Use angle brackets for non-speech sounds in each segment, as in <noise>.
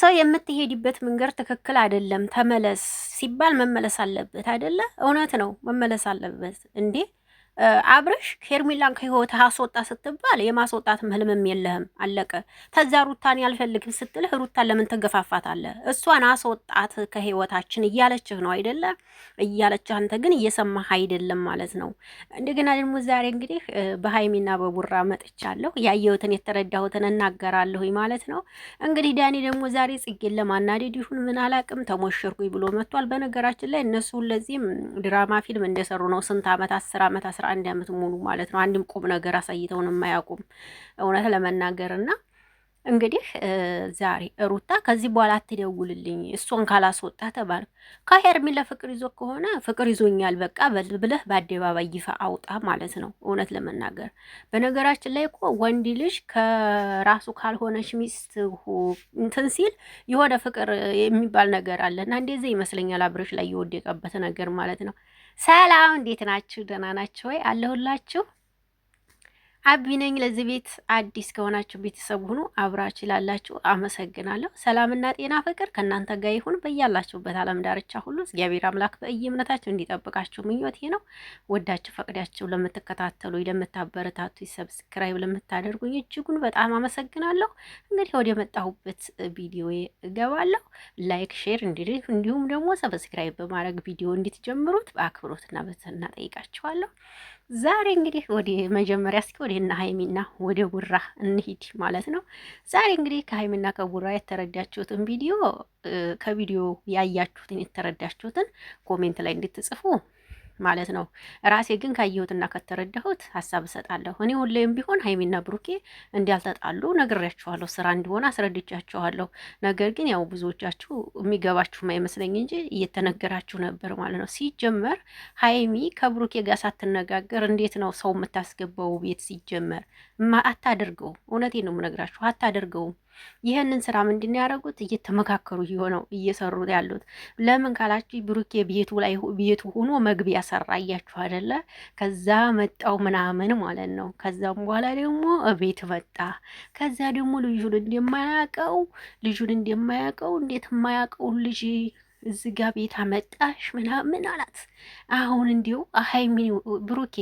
ሰው የምትሄድበት መንገድ ትክክል አይደለም ተመለስ ሲባል መመለስ አለበት አይደለ? እውነት ነው መመለስ አለበት እንዴ አብረሽ ሄርሜላን ከህይወት አስወጣ ስትባል የማስወጣት ህልምም የለህም፣ አለቀ። ተዛ ሩታን ያልፈልግም ስትልህ ሩታን ለምን ትገፋፋታለህ? እሷን አስወጣት ከህይወታችን እያለችህ ነው አይደለ? እያለችህ አንተ ግን እየሰማህ አይደለም ማለት ነው። እንደገና ደግሞ ዛሬ እንግዲህ በሀይሚና በቡራ መጥቻለሁ። ያየሁትን የተረዳሁትን እናገራለሁ ማለት ነው። እንግዲህ ዳኒ ደግሞ ዛሬ ጽጌን ለማናደድ ይሁን ምን አላቅም ተሞሸርኩኝ ብሎ መጥቷል። በነገራችን ላይ እነሱ ለዚህም ድራማ ፊልም እንደሰሩ ነው ስንት ዓመት አስር ዓመት አስራ አንድ አመት ሙሉ ማለት ነው። አንድም ቁም ነገር አሳይተውን የማያውቁም እውነት ለመናገር እና እንግዲህ ዛሬ ሩታ ከዚህ በኋላ አትደውልልኝ እሷን ካላስወጣ ተባል። ከሄርሜላ ፍቅር ይዞ ከሆነ ፍቅር ይዞኛል በቃ ብለህ በአደባባይ ይፋ አውጣ ማለት ነው። እውነት ለመናገር በነገራችን ላይ እኮ ወንድ ልጅ ከራሱ ካልሆነች ሚስት እንትን ሲል የሆነ ፍቅር የሚባል ነገር እና እንደዚህ ይመስለኛል አብረሽ ላይ የወደቀበት ነገር ማለት ነው። ሰላም፣ እንዴት ናችሁ? ደህና ናችሁ ወይ? አለሁላችሁ አቢ ነኝ። ለዚህ ቤት አዲስ ከሆናችሁ ቤተሰብ ሁኑ፣ አብራችሁ ላላችሁ አመሰግናለሁ። ሰላምና ጤና ፍቅር ከእናንተ ጋር ይሁን በያላችሁበት ዓለም ዳርቻ ሁሉ እግዚአብሔር አምላክ በእይ እምነታችሁ እንዲጠብቃችሁ ምኞቴ ነው። ወዳችሁ ፈቅዳችሁ ለምትከታተሉ ለምታበረታቱ፣ ሰብስክራይብ ለምታደርጉኝ እጅጉን በጣም አመሰግናለሁ። እንግዲህ ወደ መጣሁበት ቪዲዮ እገባለሁ። ላይክ፣ ሼር እንዲሁም ደግሞ ሰብስክራይብ በማድረግ ቪዲዮ እንድትጀምሩት በአክብሮትና በትህትና ጠይቃችኋለሁ። ዛሬ እንግዲህ ወደ መጀመሪያ እስኪ ወደ እና ሀይሚና ወደ ጉራ እንሂድ ማለት ነው። ዛሬ እንግዲህ ከሀይሚና ከጉራ የተረዳችሁትን ቪዲዮ ከቪዲዮ ያያችሁትን የተረዳችሁትን ኮሜንት ላይ እንድትጽፉ ማለት ነው። ራሴ ግን ካየሁትና ከተረዳሁት ሀሳብ እሰጣለሁ። እኔ ሁሌም ቢሆን ሀይሚና ብሩኬ እንዲያልተጣሉ ነግሬያችኋለሁ፣ ስራ እንዲሆን አስረድቻችኋለሁ። ነገር ግን ያው ብዙዎቻችሁ የሚገባችሁ አይመስለኝ እንጂ እየተነገራችሁ ነበር ማለት ነው። ሲጀመር ሀይሚ ከብሩኬ ጋር ሳትነጋገር እንዴት ነው ሰው የምታስገባው ቤት? ሲጀመር አታደርገው። እውነቴ ነው የምነግራችሁ፣ አታደርገውም ይህንን ስራ ምንድን ያደረጉት እየተመካከሩ የሆነው እየሰሩ ያሉት ለምን ካላችሁ ብሩኬ ቤቱ ላይ ቤቱ ሆኖ መግቢያ ሰራ እያችሁ አይደለ? ከዛ መጣው ምናምን ማለት ነው። ከዛም በኋላ ደግሞ ቤት መጣ። ከዛ ደግሞ ልጁን እንደማያውቀው ልጁን እንደማያውቀው እንዴት የማያውቀውን ልጅ እዚህ ጋ ቤት አመጣሽ ምናምን አላት። አሁን እንዲሁ ሀይሚ ብሩኬ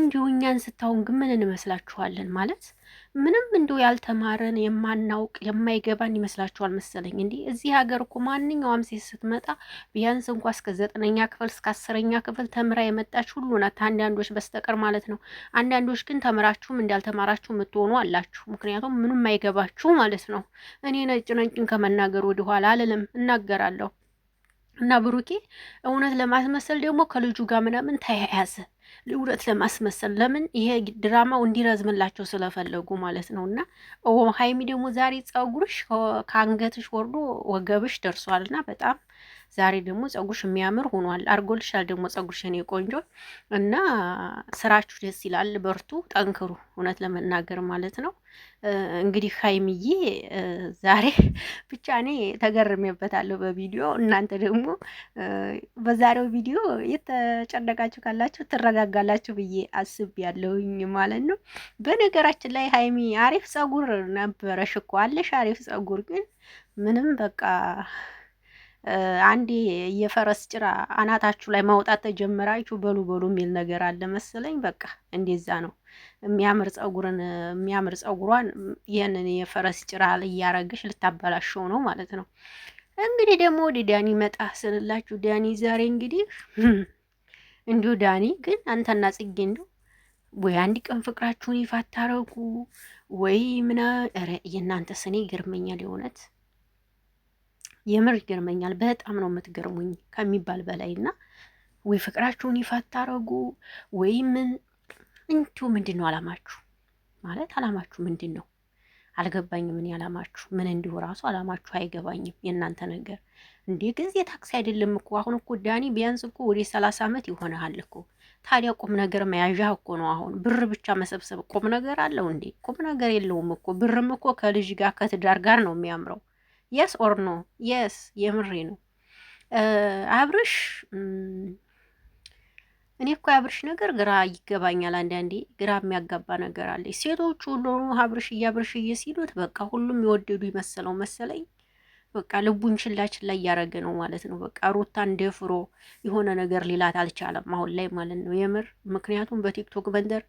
እንዲሁ እኛን ስታውን ግን ምን እንመስላችኋለን? ማለት ምንም እንዲሁ ያልተማረን የማናውቅ የማይገባን ይመስላችኋል መሰለኝ። እንዲህ እዚህ ሀገር እኮ ማንኛውም ሴት ስትመጣ ቢያንስ እንኳ እስከ ዘጠነኛ ክፍል እስከ አስረኛ ክፍል ተምራ የመጣች ሁሉ ናት፣ አንዳንዶች በስተቀር ማለት ነው። አንዳንዶች ግን ተምራችሁም እንዳልተማራችሁ የምትሆኑ አላችሁ። ምክንያቱም ምንም አይገባችሁ ማለት ነው። እኔ ነጭ ነጭን ከመናገር ወደኋላ አልልም፣ እናገራለሁ እና ብሩኬ እውነት ለማስመሰል ደግሞ ከልጁ ጋር ምናምን ተያያዘ። እውነት ለማስመሰል ለምን ይሄ ድራማው እንዲረዝምላቸው ስለፈለጉ ማለት ነው። እና ሀይሚ ደግሞ ዛሬ ጸጉርሽ ከአንገትሽ ወርዶ ወገብሽ ደርሷል እና በጣም ዛሬ ደግሞ ፀጉርሽ የሚያምር ሆኗል። አርጎልሻል ደግሞ ፀጉርሽ የኔ ቆንጆ እና ስራችሁ ደስ ይላል። በርቱ፣ ጠንክሩ። እውነት ለመናገር ማለት ነው እንግዲህ ሀይሚዬ ዛሬ <laughs> ብቻ እኔ ተገርሜበታለሁ በቪዲዮ እናንተ ደግሞ በዛሬው ቪዲዮ የተጨነቃችሁ ካላችሁ ትረጋጋላችሁ ብዬ አስብ ያለውኝ ማለት ነው። በነገራችን ላይ ሀይሚ አሪፍ ፀጉር ነበረሽ እኮ አለሽ አሪፍ ፀጉር ግን ምንም በቃ አንዴ የፈረስ ጭራ አናታችሁ ላይ ማውጣት ተጀምራችሁ በሉ በሉ የሚል ነገር አለ መሰለኝ። በቃ እንደዛ ነው። የሚያምር ጸጉርን የሚያምር ጸጉሯን ይህንን የፈረስ ጭራ እያረግሽ ልታበላሸው ነው ማለት ነው። እንግዲህ ደግሞ ወደ ዳኒ መጣ ስንላችሁ ዳኒ ዛሬ እንግዲህ <laughs> እንዲሁ ዳኒ ግን አንተና ጽጌ እንዲሁ ወይ አንድ ቀን ፍቅራችሁን ይፋ ወይ ምና የእናንተ ስኔ ይገርመኛል የእውነት የምር ይገርመኛል። በጣም ነው የምትገርሙኝ ከሚባል በላይ እና ወይ ፍቅራችሁን ይፋ አታረጉ ወይ ምን እንዲሁ ምንድን ነው አላማችሁ? ማለት አላማችሁ ምንድን ነው አልገባኝም። ምን ያላማችሁ ምን እንዲሁ ራሱ አላማችሁ አይገባኝም። የእናንተ ነገር እንዴ ጊዜ ታክሲ አይደለም እኮ አሁን እኮ ዳኒ ቢያንስ እኮ ወደ ሰላሳ ዓመት ይሆንሃል እኮ። ታዲያ ቁም ነገር መያዣ እኮ ነው አሁን። ብር ብቻ መሰብሰብ ቁም ነገር አለው እንዴ? ቁም ነገር የለውም እኮ ብርም እኮ ከልጅ ጋር ከትዳር ጋር ነው የሚያምረው። የስ ኦር ኖ? የስ የምሬ ነው። አብርሽ እኔ እኮ አብርሽ ነገር ግራ ይገባኛል። አንዳንዴ ግራ የሚያጋባ ነገር አለ። ሴቶቹ ሁሉ አብርሽዬ አብርሽዬ እየሲሉት በቃ ሁሉም የወደዱ ይመስለው መሰለኝ። በቃ ልቡን ችላ ችላ እያደረገ ነው ማለት ነው። በቃ ሩታን ደፍሮ የሆነ ነገር ሊላት አልቻለም አሁን ላይ ማለት ነው የምር ምክንያቱም በቲክቶክ መንደር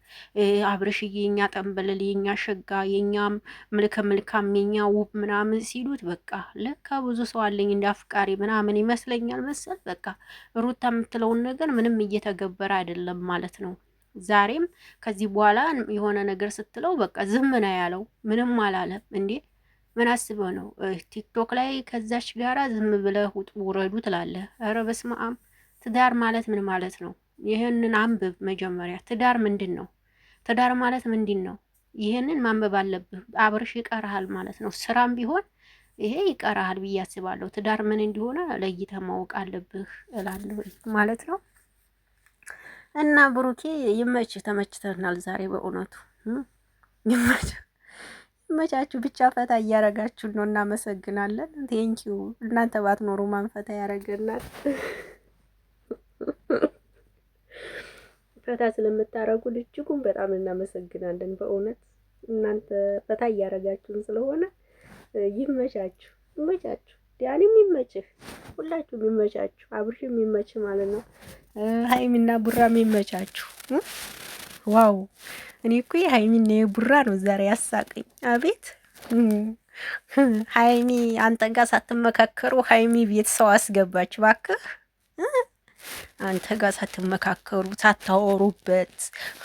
አብርሽዬ የኛ ጠንበለል፣ የኛ ሸጋ፣ የኛ ምልከ መልካም፣ የኛ ውብ ምናምን ሲሉት በቃ ለካ ብዙ ሰው አለኝ እንደ አፍቃሪ ምናምን ይመስለኛል መሰል በቃ ሩታ የምትለውን ነገር ምንም እየተገበረ አይደለም ማለት ነው። ዛሬም ከዚህ በኋላ የሆነ ነገር ስትለው በቃ ዝም ነው ያለው፣ ምንም አላለም እንዴ ምን አስበው ነው ቲክቶክ ላይ ከዛች ጋራ ዝም ብለህ ውረዱ ትላለህ? ኧረ በስመ አብ። ትዳር ማለት ምን ማለት ነው? ይህንን አንብብ መጀመሪያ። ትዳር ምንድን ነው? ትዳር ማለት ምንድን ነው? ይህንን ማንበብ አለብህ። አብርሽ ይቀርሃል ማለት ነው። ስራም ቢሆን ይሄ ይቀርሃል ብዬ አስባለሁ። ትዳር ምን እንዲሆነ ለይተህ ማወቅ አለብህ እላለሁ ማለት ነው። እና ብሩኬ ይመችህ፣ ተመችተናል ዛሬ በእውነቱ ይመችህ። መቻችሁ ብቻ ፈታ እያረጋችሁ ነው። እናመሰግናለን። ቴንኪዩ እናንተ ባትኖሩ ማን ፈታ ያረገናል? ፈታ ስለምታረጉ እጅጉን በጣም እናመሰግናለን። በእውነት እናንተ ፈታ እያረጋችሁን ስለሆነ ይመቻችሁ፣ ይመቻችሁ። ዲያኔም ይመችህ፣ ሁላችሁም ይመቻችሁ። አብርሽ ይመችህ ማለት ነው። ሀይሚና ቡራም ይመቻችሁ። ዋው እኔ እኮ የሀይሚና የቡራ ነው ዛሬ ያሳቀኝ። አቤት ሀይሚ አንተ ጋር ሳትመካከሩ ሀይሚ ቤት ሰው አስገባች። እባክህ አንተ ጋር ሳትመካከሩ ሳታወሩበት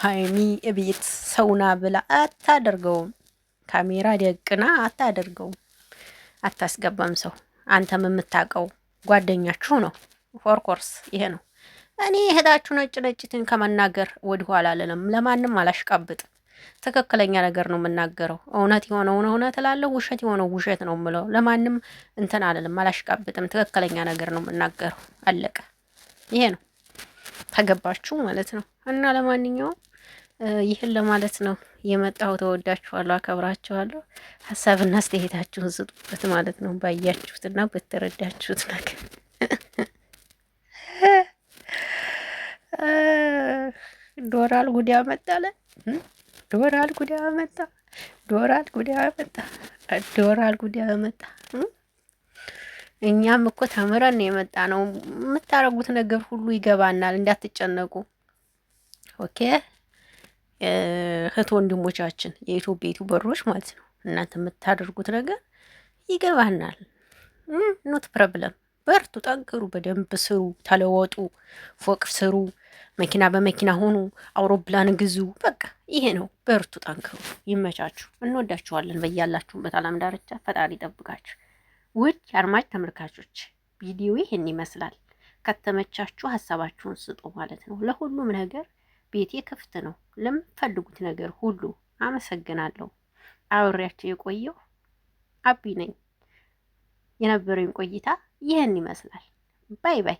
ሀይሚ ቤት ሰውና ብላ አታደርገውም። ካሜራ ደቅና አታደርገውም፣ አታስገባም ሰው አንተም የምታውቀው ጓደኛችሁ ነው። ፎርኮርስ ይሄ ነው። እኔ ሄዳችሁ ነጭ ነጭትን ከመናገር ወደኋላ አልልም። ለማንም አላሽቃብጥም። ትክክለኛ ነገር ነው የምናገረው። እውነት የሆነውን እውነት እላለሁ፣ ውሸት የሆነው ውሸት ነው የምለው። ለማንም እንትን አልልም፣ አላሽቃብጥም። ትክክለኛ ነገር ነው የምናገረው። አለቀ። ይሄ ነው ተገባችሁ ማለት ነው። እና ለማንኛውም ይህን ለማለት ነው የመጣሁ። ተወዳችኋለሁ፣ አከብራችኋለሁ። ሀሳብና አስተያየታችሁን ስጡበት ማለት ነው ባያችሁትና በተረዳችሁት ነገር ዶራል ጉዳ መጣለ ዶራል ጉዲያ መጣ ዶራል ጉዲያ መጣ ዶራል ጉዲያ መጣ። እኛም እኮ ተምረን የመጣ ነው። የምታረጉት ነገር ሁሉ ይገባናል፣ እንዳትጨነቁ። ኦኬ እህት ወንድሞቻችን የኢትዮጵያ ዩቱበሮች ማለት ነው። እናንተ የምታደርጉት ነገር ይገባናል። ኖት ፕሮብለም በርቱ፣ ጠንክሩ፣ በደንብ ስሩ፣ ተለወጡ፣ ፎቅ ስሩ፣ መኪና በመኪና ሆኑ፣ አውሮፕላን ግዙ። በቃ ይሄ ነው። በርቱ፣ ጠንክሩ፣ ይመቻችሁ። እንወዳችኋለን። በያላችሁበት ዓለም ዳርቻ ፈጣሪ ይጠብቃችሁ። ውድ አድማጭ ተመልካቾች ቪዲዮ ይህን ይመስላል። ከተመቻችሁ ሀሳባችሁን ስጡ ማለት ነው። ለሁሉም ነገር ቤቴ ክፍት ነው፣ ለምፈልጉት ነገር ሁሉ አመሰግናለሁ። አብሬያቸው የቆየው አቢ ነኝ። የነበረኝ ቆይታ ይህን ይመስላል። ባይ ባይ።